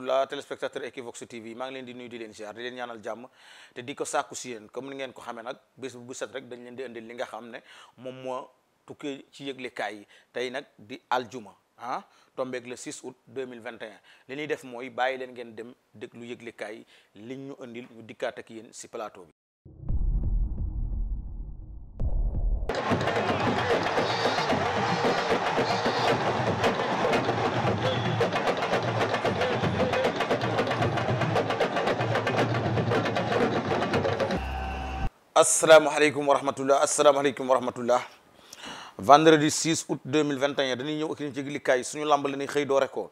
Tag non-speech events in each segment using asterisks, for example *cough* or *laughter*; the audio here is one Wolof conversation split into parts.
rahmatullah téléspectateur Equivox TV maa ngi leen di nuy di leen ziar di leen ñaanal jàmm te di ko sàkku si yéen comme ni ngeen ko xamee nag bés bu set rek dañ leen di indil li nga xam ne moom moo tukkee ci yëglekaay yi tey nag di aljuma ah tombeeg le 6 août 2021 li ñuy def mooy bàyyi leen ngeen dem déglu yëglekaay yi liñ ñu indil ñu dikkaat ak yéen si plateau bi asalaamaaleykum wa rahmatullah asalaamaaleykum wa rahmatullah vendredi 6 août 2021 dañuy ñëw ak ñu ci yëglikaay suñu lamb la ni xëy doore ko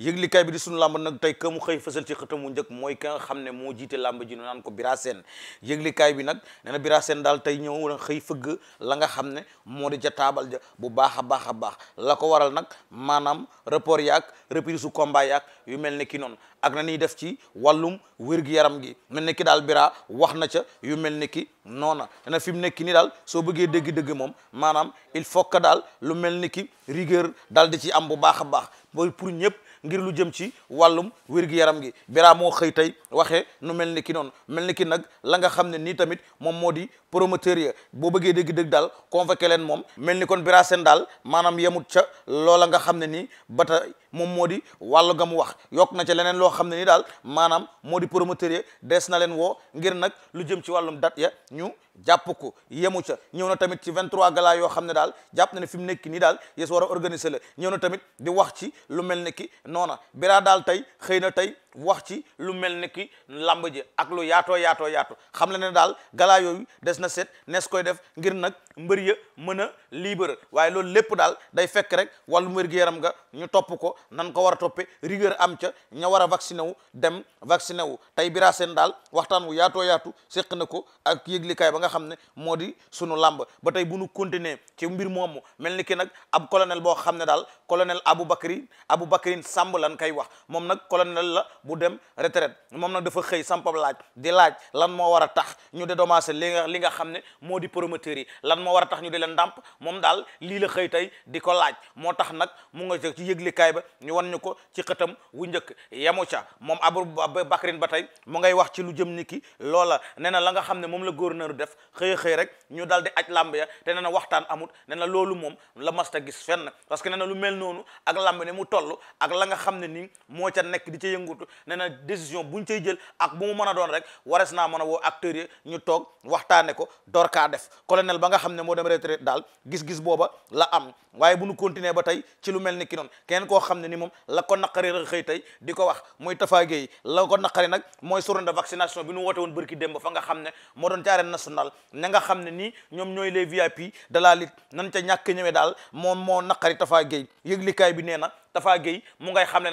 yëglikaay bi di sunu làmb nag tey ka mu xëy fësal ci xëtam mu mooy ka nga xam ne moo jiite làmb ji ñu naan ko Bira Sène yëglikaay bi nag nee na Bira Sène daal tey ñëw na xëy fëgg la nga xam ne moo di ca taabal ja bu baax a baax a baax la ko waral nag maanaam report yaak reprise su combat yaak yu mel ne ki noonu ak na ñuy def ci wàllum wér yaram gi mel ne ki daal Bira wax na ca yu mel ne ki noona nee na fi mu nekk ni daal soo bëggee dégg-dégg moom maanaam il faut que daal lu mel ni ki rigueur daal di ci am bu baax a baax pour ñëpp ngir lu jëm ci wàllum wér yaram gi biraa moo xëy tey waxee nu mel ni ki noon mel ni ki nag la nga xam ne nii tamit moom moo di promoteur ya boo bëggee dégg-dégg daal convoqué leen moom mel ni kon biraa seen daal maanaam yemut ca loola nga xam ne nii ba moom moo di wàllu nga mu wax yokk na ca leneen loo xam ne nii daal maanaam moo di promoteur ya des na leen woo ngir nag lu jëm ci wàllum date ya ñu jàpp ko yemu ca ñëw na tamit ci 23 gala yoo xam ne daal jàpp na ne fi mu nekk nii daal yes war organiser la ñëw tamit di wax ci lu mel ni ki noona biraa daal tey xëy na tey wax ci lu mel ni ki làmb ji ak lu yaatoo yaatoo yaatoo xam la ne daal galaa yooyu des na set nees koy def ngir nag mbër ya mën a libre waaye loolu lépp daal day fekk rek wallu wér-gu-yaram nga ñu topp ko nan ko war a toppe rigueur am ca ña war a vacciné wu dem vacciné wu tey bira seen daal waxtaan wu yaatoo yaatu séq na ko ak yëglikaay ba nga xam ne moo di sunu làmb ba tey bu nu continuer ci mbir moomu mel ni ki nag ab colonel boo xam ne daal colonel Aboubacry Aboubacry Samb lan kay wax moom nag colonel la bu dem retraite moom nag dafa xëy sampab laaj di laaj lan moo war a tax ñu dédommagé li nga li nga xam ne moo di promoteur yi lan moo war a tax ñu di leen ndàmp moom daal lii la xëy tey di ko laaj moo tax nag mu nga ci yëglikaay ba ñu wan ñu ko ci xëtam wu njëkk yemu ca moom Abou Bakrin ba tey mu ngay wax ci lu jëm ni ki loola nee na la nga xam ne moom la gouverneur def xëy xëy rek ñu dal di aj làmb ya te nee na waxtaan amut nee na loolu moom la masta gis fenn parce que nee lu mel noonu ak làmb ne mu toll ak la nga xam ne nii moo ca nekk di ca yëngutu nee na décision bu ñu cay jël ak bu mu mën a doon rek warees naa mën a woo acteurs yi ñu toog waxtaane ko door kaa def colonel ba nga xam ne moo dem daal gis booba la am waaye bu ñu continuer ba tey ci lu mel ni ki noonu keneen koo xam ne ni moom la ko naqari rek xëy tey di ko wax muy tafaagee yi la ko naqari nag mooy sorone de vaccination bi nu woote woon bërki démb fa nga xam ne moo doon ca arène nationale na nga xam ne nii ñoom ñooy les VIP de la lutte nan ca ñàkk ñëwee daal moom moo naqari tafaagee yëglikaay bi nee na dafa Gueye mu ngay xam ne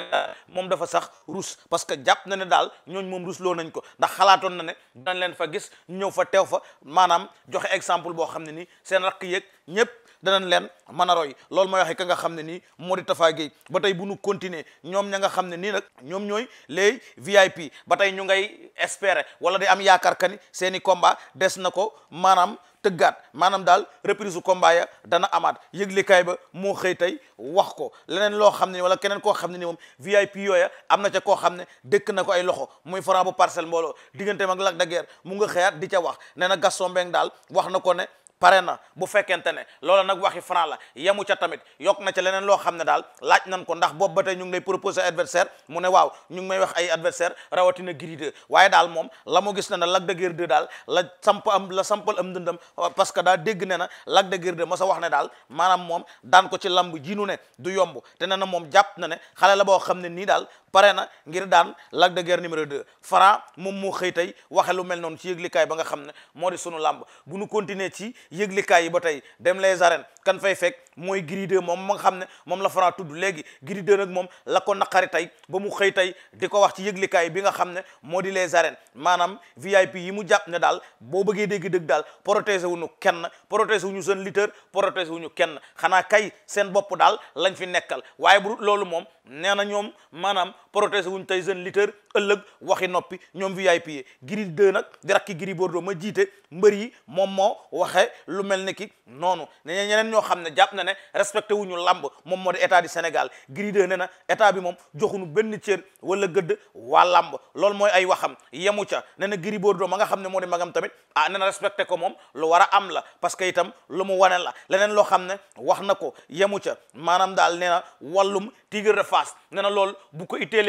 moom dafa sax ruus parce que jàpp na ne daal ñooñ moom rusloo nañ ko ndax xalaatoon na ne dinañ leen fa gis ñëw fa teew fa maanaam joxe exemple boo xam ne ni seen rakk yëg ñëpp danañ leen man a roy lool mooy waxe ka nga xam ne nii moo di Tafa Gueye ba tey bu nu continuer ñoom ña nga xam ne nii nag ñoom ñooy les VIP ba tey ñu ngay espérer wala di am yaakaar kani ni seeni combat des na ko maanaam tëggaat maanaam daal reprise combat ya dana amaat yëglekaay ba moo xëy tey wax ko leneen loo xam ne wala keneen koo xam ne ni moom VIP yooya am na ca koo xam ne dëkk na ko ay loxo muy Franc bu parcelle mbooloo digganteem ak Lac de Guiers mu nga xëyaat di ca wax nee na Gaston Mbengue daal wax na ko ne pare na bu fekkente ne loola nag waxi Franc la yemu ca tamit yokk na ca leneen loo xam ne daal laaj nañ ko ndax boobu ba tey ñu ngi lay proposé adversaire mu ne waaw ñu ngi may wax ay adversaire rawatina Gris 2 waaye daal moom la mu gis ne na Lac de Guiers daal la samp am la sampal am dëndam parce que daa dégg ne na Lac de ma sa wax ne daal maanaam moom daan ko ci lamb ji nu ne du yomb te ne na moom jàpp na ne xale la boo xam ne nii daal pare na ngir daan Lac de Guiers numéro 2 fara moom moo xëy tey waxe lu mel noonu ci yëglikaay ba nga xam ne moo di sunu làmb bu nu continuer ci yëglikaay yi ba tey dem les arènes kan fay fekk mooy Gris moom ma xam ne moom la Franc tudd léegi Gris 2 moom la ko naqari tey ba mu xëy tey di ko wax ci yëglikaay bi nga xam ne moo di les arènes maanaam VIP yi mu jàpp ne daal boo bëggee dégg dëgg daal protéger wuñu kenn protéger wuñu seen lutteur protéger wuñu kenn xanaa kay seen bopp daal lañ fi nekkal waaye bu loolu moom nee na ñoom maanaam protéger wuñ tey jeune lutteur ëllëg waxi noppi ñoom VIP yi Gris 2 nag di rakki Gris Bordeaux ma jiite mbër yi moom moo waxe lu mel ni ki noonu ne ñeneen ñoo xam ne jàpp na ne respecté wuñu làmb moom moo di état du Sénégal Gris 2 ne na état bi moom joxuñu benn cër wala gëdd waa làmb loolu mooy ay waxam yemu ca ne na Gris Bordeaux ma nga xam ne moo di magam tamit ah ne na respecté ko moom lu war am la parce que itam lu mu wane la leneen loo xam ne wax na ko yemu ca maanaam daal nee na wàllum de Fass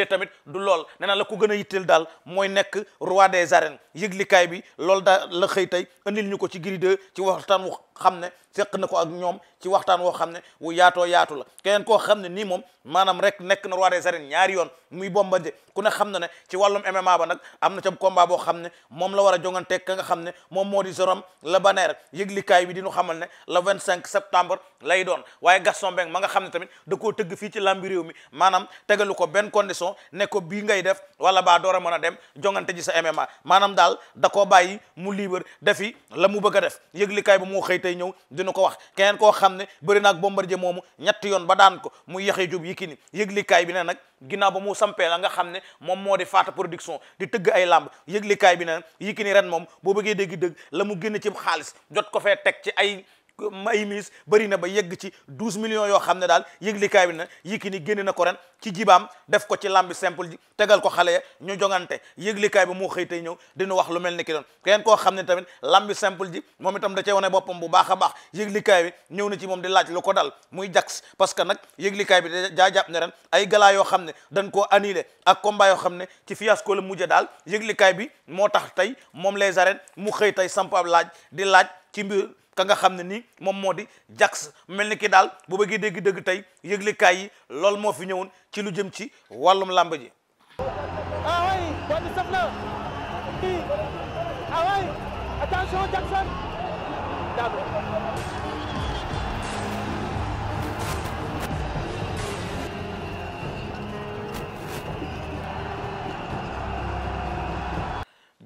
yitteelee tamit du lool nee la ko gën a yitteel daal mooy nekk roi des arènes yëglikaay bi loolu daal la xëy tey andil ñu ko ci Gris 2 ci waxtaan xam ne seq na ko ak ñoom ci waxtaan woo xam ne wu yaatoo yaatu la keneen koo xam ne nii moom maanaam rek nekk na roi des arènes ñaari yoon muy bomba de ku ne xam na ne ci wàllum MMA ba nag am na ca combat boo xam ne moom la war a jongante ka nga xam ne moom moo di Jérôme Le Banner yëglikaay bi di ñu xamal ne la vingt cinq septembre lay doon waaye Gaston Mbengue ma nga xam ne tamit da koo tëgg fii ci lambi réew mi maanaam tegalu ko benn condition ne ko bii ngay def wala baa door a mën a dem jongante ji sa MMA maanaam daal da koo bàyyi mu libre defi la mu bëgg def yëglikaay ba tey ñëw dina ko wax keneen koo xam ne bëri naag Bombardier moomu ñetti yoon ba daan ko muy Yaxya Jóob Yékini yëglikaay bi ne nag ginnaaw ba mu sampee la nga xam ne moom moo di faata production di tëgg ay làmb yëglikaay bi na nag Yékini ren moom boo bëggee dégg dëgg la mu génn ci xaalis jot ko fee teg ci ay ay miis bëri na ba yegg ci douze millions yoo xam ne daal yëglikaay bi na Yékini génne na ko ren ci jibaam def ko ci lambi simple ji tegal ko xale ya ñu jongante yëglikaay bi moo xëy tey ñëw dina wax lu mel ni ki doon keneen koo xam ne tamit lambi da cee wane boppam bu a baax yëglikaay bi di laaj lu ko dal muy jax parce que nag yëglikaay bi daa jàpp ne ren ay galaa xam ne dañ koo annulé ak combat yoo xam ne ci fiasco la mujjee daal yëglikaay bi moo tax tey moom les mu xëy tey samp laaj di laaj ci mbir ka nga xam ne ni moom moo di jax mel ni ki daal bu bëggee dégg dëgg tey yëglekaay yi loolu moo fi ñëwoon ci lu jëm ci wàllum làmb ji. away bon di away attention Jackson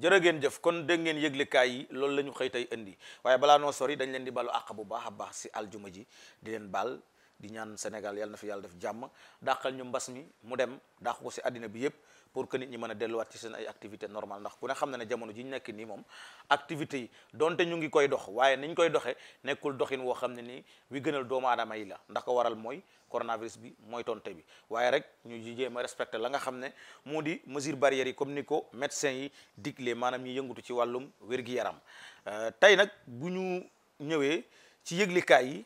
jërë ngeen jëf kon dégg ngeen yëglekaay yi loolu la ñu xëy tey indi waaye balaa noo sori dañ leen di balu àq bu baax a baax si aljuma ji di leen baal di ñaan Sénégal yàlla na fi yàlla def jàmm dàqal ñu mbas mi mu dem dàq ko si àddina bi yëpp pour que nit ñi mën a delluwaat ci seen ay activité normale ndax ku ne xam na ne jamono ji ñu nekk nii moom activité yi donte ñu ngi koy dox waaye niñ koy doxee nekkul doxin woo xam ne nii wi gënal doomu aadama yi la ndax ko waral mooy coronavirus bi mooy tonte bi waaye rek ñu jéem ma respecté la nga xam ne moo di mesure barrières yi comme ni ko médecin yi digle maanaam ñi yëngatu ci wàllum wér-gi-yaram euh, tey nag bu ñu ñëwee ci yëglikaay yi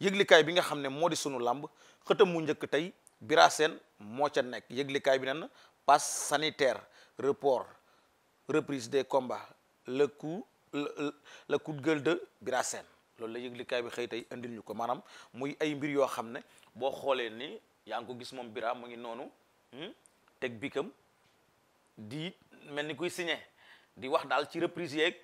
yëglikaay bi nga xam ne moo di sunu làmb xëtam mu njëkk tey Bira moo ca nekk yëglikaay bi nen passe sanitaire report reprise des combats le coup le, ku coup de Bira Sène loolu la yëglikaay bi xëy tey indil ñu ko maanaam muy ay mbir yoo xam ne boo xoolee ni yaa ngi ko gis moom Bira mu ngi noonu hmm, teg bikam di mel ni kuy signé di wax daal ci reprise yeeg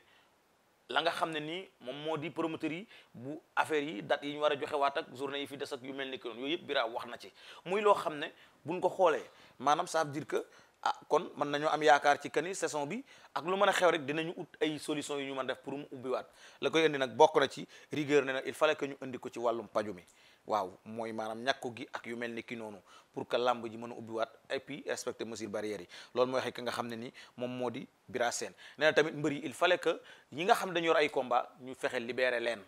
la nga xam ne nii moom moo di promoteur yi bu affaire yi date yi ñu war a joxe waat ak journée yi fi des ak yu mel ni que noonu yooyu yëpp Bira wax na ci muy loo xam ne buñ ko xoolee maanaam ça veut que ah kon mën nañoo am yaakaar ci kani saison bi ak lu mën a xew rek dinañu ut ay solution yu ñu man def pour mu ubbiwaat la koy indi nag bokk na ci rigueur ne nag il fallait que ñu indi ko ci wàllum paju mi waaw mooy maanaam ñàkku gi ak yu mel ni ki noonu pour que làmb ji mën a ubbiwaat et puis respecter mesures barrières loolu mooy xëy ki nga xam ne ni moom moo di Bira Sène tamit mbër yi il fallait que nga xam dañu ay combat ñu fexe libérer leen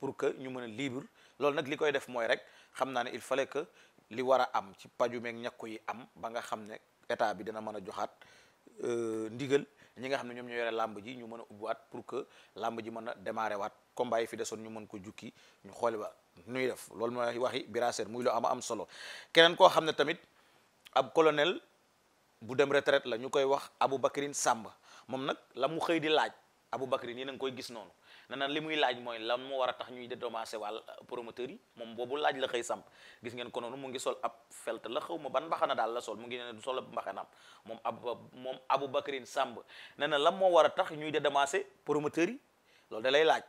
pour que ñu mën a libre loolu nag li koy def mooy rek xam naa ne il fallait que li war a am ci paju meeg ñàkku yi am ba nga xam ne état bi dina mën a joxaat euh, ndigal ñi nga xam ne ñoom ñoo yore làmb ji ñu mën a ubbiwaat pour que làmb ji mën a démarrer waat combat yi fi desoon ñu mën ko jukki ñu xoole ba nuy def loolu mooy waxi Birassène muy lu am am solo keneen koo xam ne tamit ab colonel bu dem retraite la ñu koy wax abu Aboubacrine Samb moom nag la mu xëy di laaj Aboubacrine yéen a ngi koy gis noonu ne na li muy laaj mooy lan mu war a tax ñuy dédommagé wàll promoteur yi moom boobu laaj la xëy gis ngeen ko noonu mu ngi sol ab felt la xaw ma ban mbaxana daal la sol mu ngi ne du sol ab mbaxanaam moom ab moom Aboubacrine Samb ne na lan moo war a tax ñuy dédommagé promoteur yi loolu da lay laaj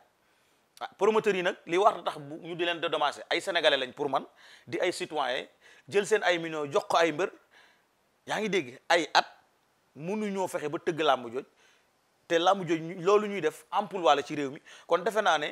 Ah, promoteur yi nag li war tax bu ñu di leen dédommager ay sénégalais lañ pour man di ay citoyen jël seen ay millions jox ko ay mbër yaa ngi dégg ay at mënuñoo fexe ba tëgg làmb jooj te làmb jooj loolu ñuy def emploi la ci réew mi kon defe naa ne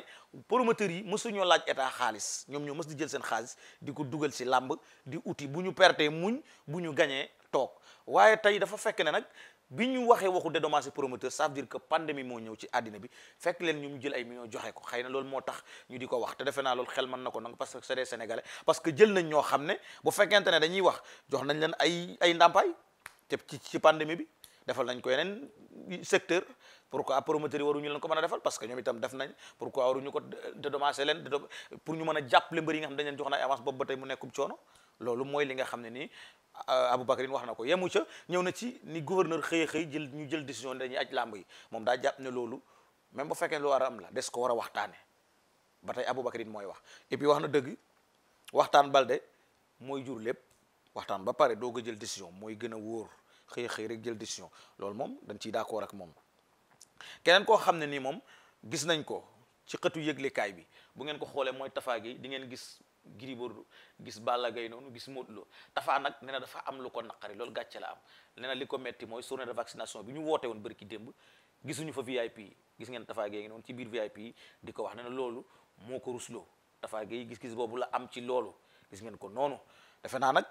promoteurs yi mësuñoo laaj état xaalis ñoom ñoo mës di jël seen xaalis di ko dugal ci làmb di uti bu ñu perte muñ bu ñu gañee toog waaye tey dafa fekk ne nag bi ñu waxee waxu dédommage promoteur ça veut dire que moo ñëw ci àddina bi fekk leen ñu jël ay millions joxe ko xëy na loolu moo tax ñu di ko wax te defe naa xel mën na ko nangu parce que c'est des sénégalais parce que ñoo xam ne bu fekkente ne dañuy wax jox nañ leen ay ay ndàmpaay te ci ci pandémie bi defal nañ ko yeneen secteur pourquoi promoteurs yi waruñu leen ko mën parce que ñoom itam def nañ pourquoi waruñu ko dédommager leen pour a jàppale mbër yi nga xam jox na avance boobu ba tey mu nekkum coono loolu mooy li nga xam ne nii Euh, Aboubacar wax na ko yemu ca ñëw na ci ni gouverneur xëy xëy jël ñu jël décision dañuy aj làmb yi moom daa jàpp ne loolu même bu fekkee lu war a la des ko war a waxtaane ba tey Aboubacar mooy wax et wax na dëgg waxtaan balde mooy jur lépp waxtaan ba pare doo jël décision mooy gën a wóor xëy xëy rek jël décision loolu moom dañ ciy d'accord ak moom keneen koo xam ne nii moom gis nañ ko ci xëtu yëglekaay bi bu ngeen ko xoolee mooy tafaa gi di ngeen gis Gris Bordeaux gis Balla Gaye noonu gis Modou Lo Tapha nag nee na dafa am lu ko naqari loolu gàcce la am nee li ko metti mooy journée de vaccination bi ñu woote woon bërki démb gisuñu fa VIP yi gis ngeen Tapha Gueye ngi noonu ci biir VIP yi di ko wax nee na loolu moo ko rusloo Tapha Gueye gis-gis boobu la am ci loolu gis ngeen ko noonu defe naa nag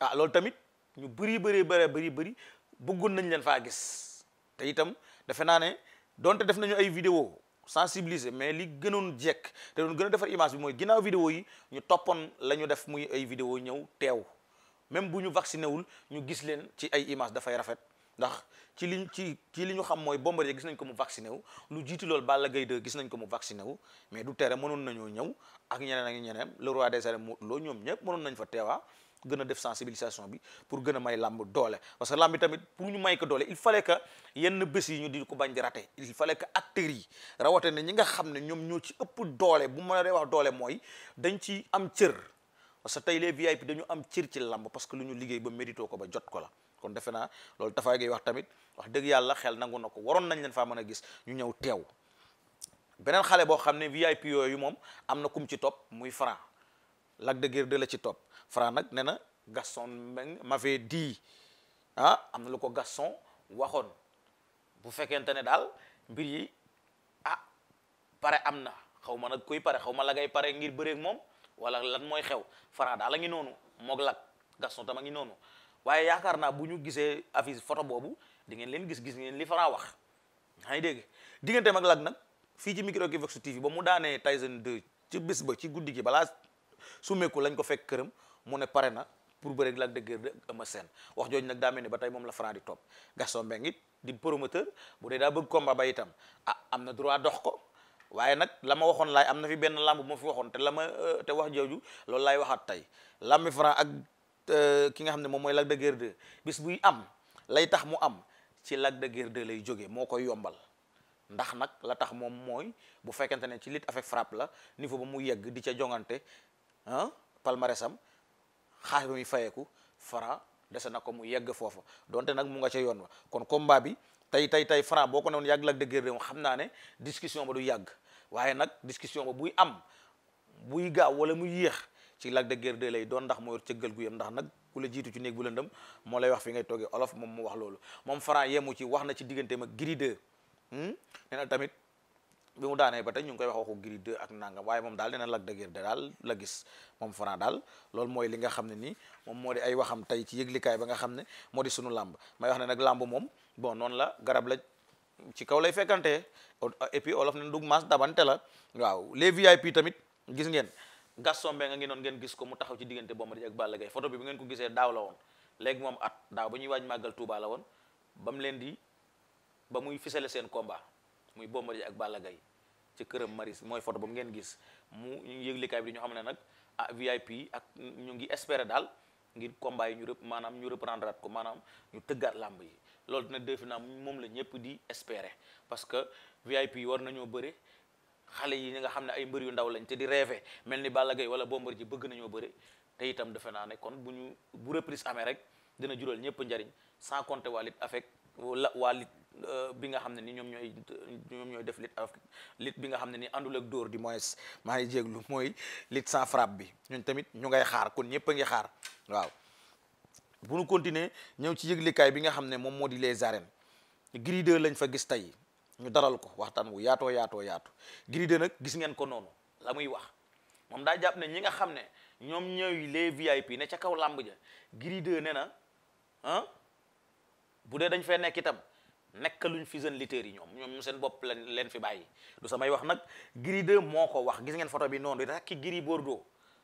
ah loolu tamit ñu bëri bëri bëri bari bëri bëggoon nañ leen faa gis te itam defe naa ne donte def nañu ay vidéo sensibiliser mais li gënoon jekk te doon gën a defar image bi mooy ginnaaw vidéo yi ñu toppoon lañu def muy ay vidéo ñëw teew même bu ñu vacciné ñu gis leen ci ay image dafay rafet ndax ci liñ ci ci li ñu xam mooy Bombardier gis nañ ko mu vacciné wu lu jiitu loolu Balla gay 2 gis nañ ko mu vacciné wu mais du tere mënoon nañoo ñëw ak ñeneen ak ñeneen le roi des arènes Modou Lo ñoom ñëpp mënoon nañ fa teewaa gën a def sensibilisation bi pour gën a may làmb doole parce que làmb tamit pour ñu may ko doole il fale que yenn bés yi ñu di ko bañ di raté il fallait que acteurs yi rawatina ñi nga xam ne ñoom ñoo ci ëpp doole bu ma dee wax doole mooy dañ ci am cër parce que tey les VIP dañu am cër ci làmb parce que lu ñu liggéey ba méditoo ko ba jot ko la kon defe naa loolu dafay ngay wax tamit wax dëgg yàlla xel nangu na ko waroon nañ leen faa mën a gis ñu ñëw teew beneen xale boo xam ne VIP yooyu moom am na kum ci topp muy franc Lac de Guiers la ci topp Franc nag ne na Gaston Mbengue m'avait dit ah am na lu ko Gaston waxoon bu fekkente ne daal mbir yi ah pare am na xaw ma nag kuy pare xaw ma la ngay pare ngir bëreeg moom wala lan mooy xew Franc daal a ngi noonu moog lak Gaston tam a ngi noonu waaye yaakaar naa bu ñu gisee affiche photo boobu di ngeen leen gis gis ngeen li Franc wax yaa ngi dégg digganteem mag Lac nag fii ci micro Equivox TV ba mu daanee Tyson 2 ci bis ba ci guddi gi balaa sumeeku lañ ko fekk këram mu ne pare na pour bëre Lac de Guiers Eumeu Sène wax jooju nag daa mel ni ba tey moom la Franc di topp Gaston Mbengue it di promoteur bu dee daa bëgg combat ba itam ah am na droit dox ko waaye nag la ma waxoon laay am na fi benn làmb bu ma fi waxoon te la ma euh, te wax jooju loolu laay waxaat tey làmbi Franc ak euh, ki nga xam ne moom mooy Lac de Guiers 2 bis buy am lay tax mu am ci Lac de lay jóge moo koy yombal ndax nag la tax moom mooy bu fekkente ne ci lutte avec frappe la niveau ba mu yegg di ca jongante ah palmarèsam xaalis ba muy fayeeku Franc dese na ko mu yegg foofa donte nag mu nga cee yoon wa kon combat bi tey tey tey Franc boo ko newoon yàgg Lac de Guiers xam naa ne discussion ba du yàgg waaye nag discussion ba buy am buy gaaw wala mu yéex ci Lac de Guiers lay doon ndax moo yor cëggal gu yam ndax nag ku la jiitu ci néeg bu lëndëm moo lay wax fi ngay toogee olof moom mu wax loolu moom Franc yemu ci wax na ci digganteem ak Gris 2 hmm? tamit bi mu daanee ba tey ñu ngi koy wax waxu Gris 2 ak nangam waaye moom daal nee na Lac de Guiers daal la gis moom Franc daal loolu mooy li nga xam ne nii moom moo di ay waxam tey ci yëglikaay ba nga xam ne moo di sunu làmb may wax ne nag moom bon noonu la garab la ci kaw lay fekkante et puis olof ne du mas dabante la waaw les VIP tamit gis ngeen Gaston Mbengue nga ngi ngeen gis ko mu taxaw ci diggante Bombardier ak Balla Gaye photo bi bi ngeen ko gisee daaw léegi moom at daaw ba ñuy waaj màggal Touba woon ba mu leen di ba muy fisale seen combat muy Bombardier ak Balla Gaye ca këram Maris mooy photo boobu ngeen gis mu yëglikaay bi ñu xam ne nag ah VIP ak ñu ngi espérer daal ngir combat yi ñu rep maanaam ñu reprendre at ko maanaam ñu tëggaat làmb yi loolu dina defi naa moom la ñëpp di espérer parce que VIP war nañoo bëre xale yi nga xam ne ay mbër yu ndaw lañ te di rêver mel ni Balla wala Bombardier ji bëgg nañoo bëre te defe naa ne kon bu ñu bu reprise amee rek dina jural ñëpp njariñ sans compter waa Lutte avec Euh, bi nga xam ne ni ñoom ñooy ñoom def lit af lit bi nga xam ne ni àndul ak dóor di moins maa ngi jéglu mooy lit sans frappe bi ñun tamit ñu ngay xaar kon ñëpp a xaar waaw bu ñu continuer ñëw ci yëglikaay bi nga xam ne moom moo di les arènes Gris lañ fa gis tey ñu daral ko waxtaan wu yaatoo yaatoo yaatu Gris nag gis ngeen ko noonu la wax moom daa jàpp ne ñi nga xam ne ñoom ñooy les VIP ne ca kaw làmb ja Gris 2 ne na ah bu dee dañ fee nekk itam nekk luñ fi jeunes lutteurs yi ñoom ñoom seen bopp lañ leen fi bàyyi du samay wax nag Gris moo ko wax gis ngeen photo bi noonu da ki Gris Bordeaux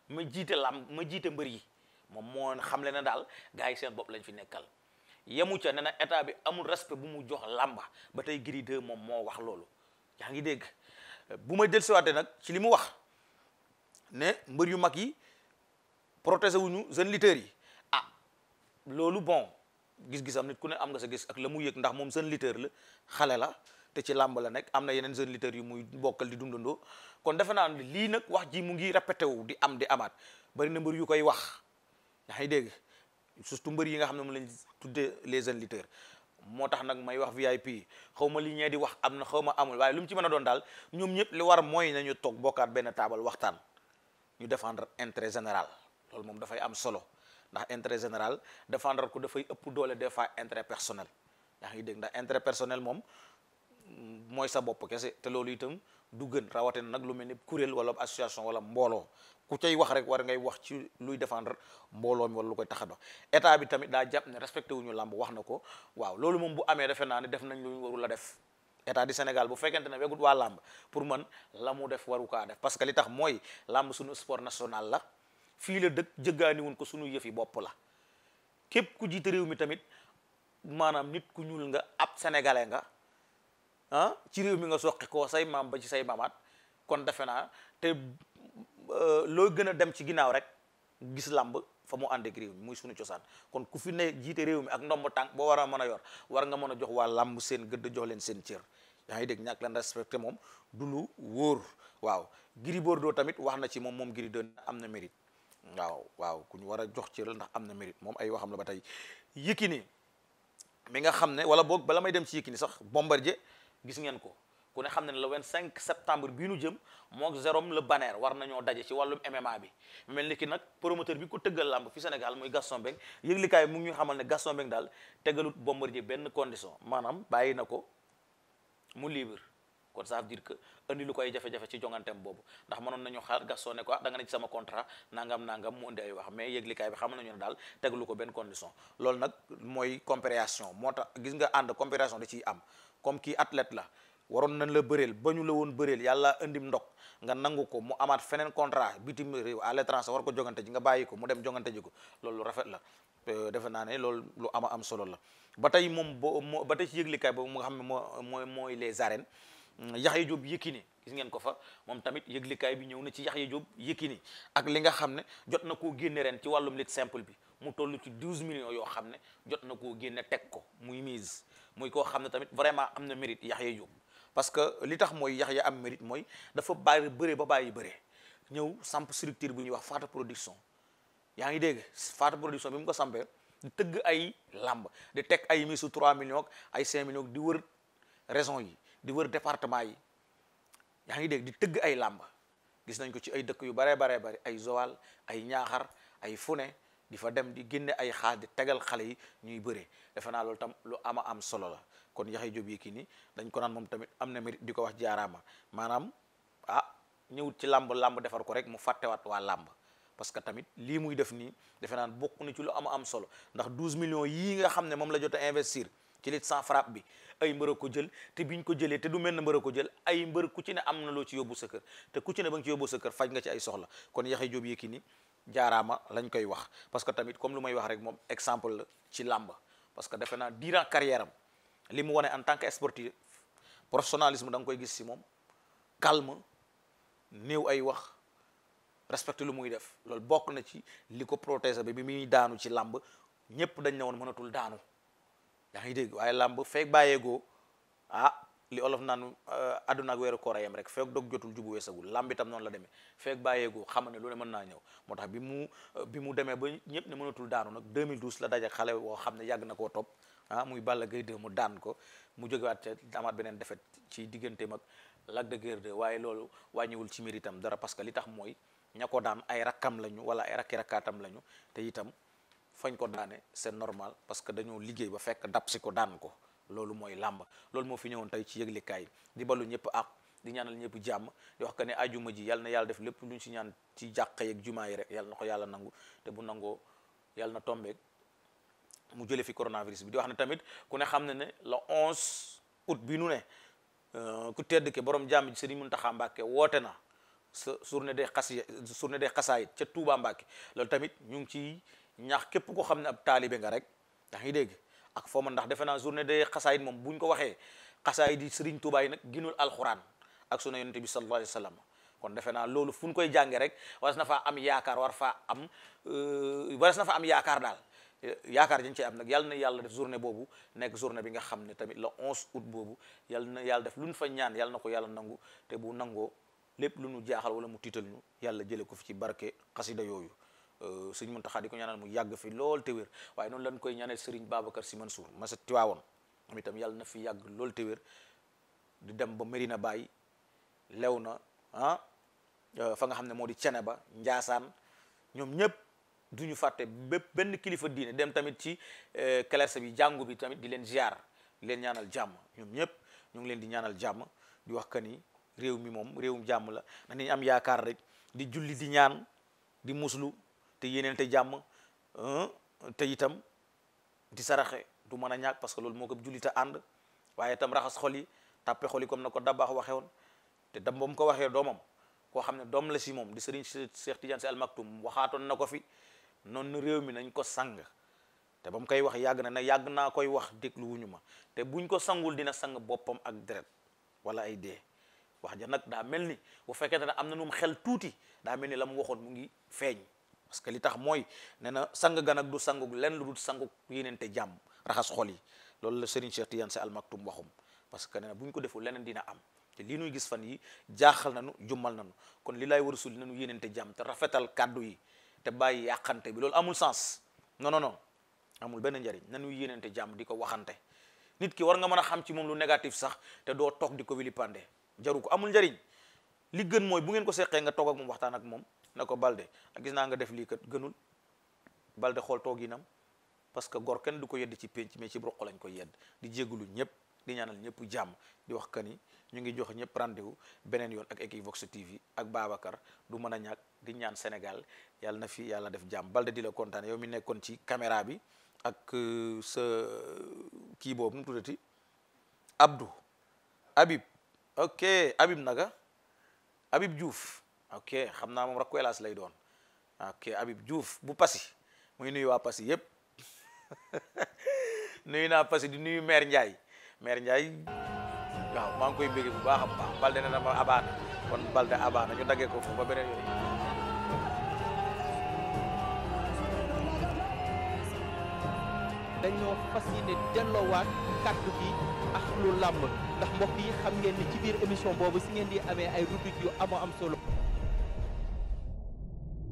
ma jiite lam ma jiite mbër yi moom moo xamle ne daal gars yi seen bopp lañ fi nekkal yemu ca ne na état bi amul respect bu mu jox làmba ba tey Gris 2 moom moo wax loolu yaa ngi dégg bu ma dellusiwaatee nag ci li mu wax ne mbër yu mag yi protéger wuñu jeunes lutteurs yi ah loolu bon gis-gisam nit ku ne am nga sa gis ak la mu yëg ndax moom jeune lutteur la xale la te ci làmb la nekk am na yeneen jeune lutteur yu muy bokkal di dundandoo kon defe naa lii nag wax jii mu ngi répété wu di am di amaat bari na mbër yu koy wax yaa ngi dégg surtout mbër yi nga xam ne moom lañ tuddee les jeunes lutteurs moo tax nag may wax VIP xaw ma lii ñee di wax am na xaw ma amul waaye lu mu ci mën a doon daal ñoom ñëpp li war mooy nañu toog bokkaat benn taabal waxtaan ñu défendre intérêt général loolu moom dafay am solo ndax intérêt général défendre ko dafay ëpp doole des fois intérêt personnel yaa ngi dégg ndax intérêt personnel moom mm, mooy sa bopp kese te loolu itam du gën rawatina nag lu mel ni kuréel wala association wala mbooloo ku cay wax rek war ngay wax ci luy défendre mbooloo mi wala lu koy tax dox état bi tamit daa jàpp ne respecté wuñu làmb wax na ko waaw loolu moom bu amee defe naa ne def nañ lu ñu warul a def état du Sénégal bu fekkente ne wegut waa làmb pour man la mu def waru kaa def parce que li tax mooy làmb suñu sport national la fii la dëkk jëggaani ko sunu yëfi bopp la képp ku jiite réew mi tamit maanaam nit ku ñuul nga ab sénégalais nga ah ci réew mi nga soqi koo say maam ba ci say maamaat kon defe naa te euh, loo gën a dem ci ginnaaw rek gis làmb fa mu ànd ak mi muy suñu cosaan kon ku fi ne jiite réew mi ak ndomb tànk boo war a mën a yor war nga mën a jox waa làmb seen gëdd jox leen seen cër yaa ngi dégg ñàkk leen respecté moom du lu wóor waaw Gris Bordeaux tamit wax na ci moom moom Gris doon am na mérite waaw waaw ku ñu war a jox cër la ndax am na mérite moom ay waxam la ba tey Yékini mi nga xam ne wala boog bala may dem ci Yékini sax Bombardier gis ngeen ko ku ne xam ne le cinq septembre bii nu jëm mook Jérôme la baneer war na ñoo daje ci wàllum MMA bi mel ni ki nag promoteur bi ku tëggal làmb fi Sénégal muy Gaston Mbengue yëglikaay mu ngi ñu xamal ne Gaston Mbengue daal bombar Bombardier benn condition maanaam bàyyi na ko mu libre kon ça veut dire que indi lu koy jafe-jafe ci jonganteem boobu ndax mënoon ah, moo tax gis nga ànd comparaison da ciy am comme kii athlète la waroon nañ la bëreel ba ñu la woon bëreel yàlla indim ndok nga nangu ko mu amaat feneen contrat bitim réew à l'étranger war ko jongante ji nga bàyyi ko mu dem jongante ji ko loolu rafet la defe naa ne loolu lu ama am solo la ba tey moom bo ba tey ci yëglikaay boobu mu nga xam ne moo mooy les arènes Yaxya Jóob Yékini gis ngeen ko fa moom tamit yëglikaay bi ñëw na ci Yaxya Jóob Yékini ak li nga xam ne jot na koo génne ren ci wàllum lit simple bi mu toll ci 12 millions yoo xam ne jot na koo génne teg ko muy mise muy koo xam ne tamit vraiment am na mérite Yaxya Jóob parce que li tax mooy Yaxya am mérite mooy dafa bàyyi bëre ba bàyyi bëre ñëw samp structure bu ñuy wax Faata production yaa ngi dégg Faata production bi mu ko sampee di tëgg ay làmb di teg ay mise su 3 millions ay 5 di wër raison yi di wër département yi yaa ngi dégg di tëgg ay làmb gis nañ ko ci ay dëkk yu baree baree bari ay Joal ay Ñaaxar ay Fune di fa dem di génne ay xaal di tegal xale yi ñuy bëree defe naa loolu tam lu ama am solo la kon yi Jóob nii dañ ko naan moom tamit am na mérite di ko wax jaaraama maanaam ah ñëwut ci làmb làmb defar ko rek mu fàttewaat waa làmb parce que tamit lii muy def nii defe naan bokk na ci lu ama am solo ndax 12 millions yii nga xam ne moom la jot investir ci lit sans frappe bi ay mbër ko jël te biñ ko jëlee te du mel na mbër ko jël ay mbër ku ci ne am na loo ci yóbbu sa kër te ku ci ne ba nga ci yóbbu sa kër faj nga ci ay soxla kon Yaxya Jóob Yékini jaaraama lañ koy wax parce que tamit comme lu may wax rek moom exemple la ci làmb parce que defe naa durant carrière li mu wane en tant que sportif professionnalisme danga koy gis si moom calme néew ay wax respecté lu muy def loolu bokk na ci li ko protéger ba bi muy daanu ci làmb ñépp dañ ne woon mënatul daanu yaa ngi dégg waaye làmb feeg bàyyeegoo ah li olof naan eh, àdduna ak weeru koor a yem rek feeg dog jotul jubu weesagul làmb itam noonu la demee feeg bàyyeegoo xam ne lu ne mën naa ñëw moo tax bi mu bi mu demee ba ñëpp ne mënatul daanu nag 2012 la daje xale woo xam ne yàgg na ko topp ah muy Balla Gaye 2 mu daan ko mu jógewaat ca amaat beneen defet ci digganteem ak Lac de Guiers waaye loolu wàññiwul ci méritam dara parce que li tax mooy ña ko daan ay rakkam lañu wala ay rakki rakkaatam lañu te itam fañ ko daane c'est normal parce que dañoo liggéey ba fekk dab si ko daan ko loolu mooy làmb loolu moo fi ñëwoon tey ci yëglikaay di balu ñëpp ak di ñaanal ñëpp jàmm di wax que ne ajuma ji yal na yàlla def lépp lu ñu ci ñaan ci jàkka yeeg jumaa yi rek yal na ko yàlla nangu te bu nangoo yàlla na tombeeg mu jële fi coronavirus bi di wax ne tamit ku ne xam ne ne le 11 août bi nu ne euh, ku tedd ke borom jàmm ji Serigne Mountakha Mbacké woote na sa journée des xas journée des xasaayit ca Touba ñaax képp ko xam ne ab taalibe nga rek yaa ngi dégg ak foo man ndax defe naa journée de xasaayit moom bu ñu ko waxee xasaayit yi Sëriñ Tuubaa yi nag ginul alxuraan ak sunu yonent bi sallallahu alayhi wa sallam kon defe naa loolu fu ñu koy jànge rek waras na faa am yaakaar war faa am euh, waras na fa am yaakaar daal yaakaar dañ ci am nag yàlla na yàlla def journée boobu nekk journée bi nga xam ne tamit le 11 août boobu yàlla na yàlla def lu ñu fa ñaan yàlla na ko yàlla nangu te bu nangoo lépp lu ñu jaaxal wala mu tiital ñu yàlla jële ko fi ci barke xasida yooyu Euh, sëñ Muntaxa di ko ñaanal mu yàgg fi lool te wér waaye noonu lañ koy ñaanal Serigne Babacar Sy Mansour ma sa Tiwaawoon moom itam yàlla na fi yàgg lool te wér di dem ba Medina Baye lew na ah euh, fa nga xam ne moo di cene ba Njaasaan ñoom ñëpp duñu fàtte bépp benn kilifa diine dem tamit ci euh, classe bi jàngu bi tamit di leen ziar di leen ñaanal jàmm ñoom ñëpp ñu ngi leen di ñaanal jàmm di wax que ni réew mi moom réewum jàmm la nañu am yaakaar rek di julli di ñaan di muslu te yeneen te jàmm te yitam di saraxe du mën a ñàkk parce que loolu moo ko jullita ànd waaye tam raxas xol yi tàppe xol yi comme na ko dabaax waxee woon te dam ba mu ko waxee doomam koo xam ne doom la si moom di sëriñ Cheikh Tidiane Sy Al waxaatoon na ko fi noonu réew mi nañ ko sang te ba mu koy wax yàgg na na yàgg naa koy wax dégluwuñu ma te buñ ko sangul dina sang boppam ak deret wala ay dee wax ja nag daa mel ni bu fekkente ne am na nu mu xel tuuti daa mel ni la mu waxoon mu ngi feeñ parce que li tax mooy nee na sang gan ak du sangu lenn lu dul sangu yéeneente jàmm raxas xol yi loolu la Serigne Cheikh Tidiane Sy Al waxum parce que nee na bu ñu ko deful leneen dina am te lii nuy gis fan yi jaaxal nañu jummal nañu kon li laay warasul nañu yéeneente jàmm te rafetal kàddu yi te bàyyi yàqante bi loolu amul sens non non non amul benn njariñ nañu yéeneente jàmm di ko waxante nit ki war nga mën a xam ci moom lu négatif sax te doo toog di ko wilipande jaru ko amul njariñ li gën mooy bu ngeen ko seqee nga toog ak moom waxtaan ak moom na ko Balde ah, gis naa nga def lii kat gënul Balde xool toog tooginam parce que gor kenn du ko yedd ci pénc mais ci broq lañ ko yedd di jégalu ñëpp di ñaanal ñëpp jàmm di wax que ni ñu ngi jox ñëpp rendez-vous beneen yoon ak Equivox TV ak Babacar du mën a ñàkk di ñaan Sénégal yàlla na fi yàlla def jàmm Balde di la kontaan yow mi nekkoon ci caméra bi ak euh, sa euh, boobu nu mu tuddati Abdou ok Habib naga Habib Diouf. ok xam naa moom rakku hélas lay doon ok Habib Diouf bu Passy muy nuyu waa Passy yëpp *laughs* nuyu naa Passy di nuyu maire Ndiaye maire Ndiaye waaw maa ngi koy bëgg bu baax a baax Balde ne na ma abaana kon Balde abaana ñu daggee ko foofu ba beneen yoon. dañoo fas yéene delloowaat kàddu bi ak lu làmb ndax mbokk yi xam ngeen ni ci biir émission boobu si ngeen di amee ay rubrique yu amoo am solo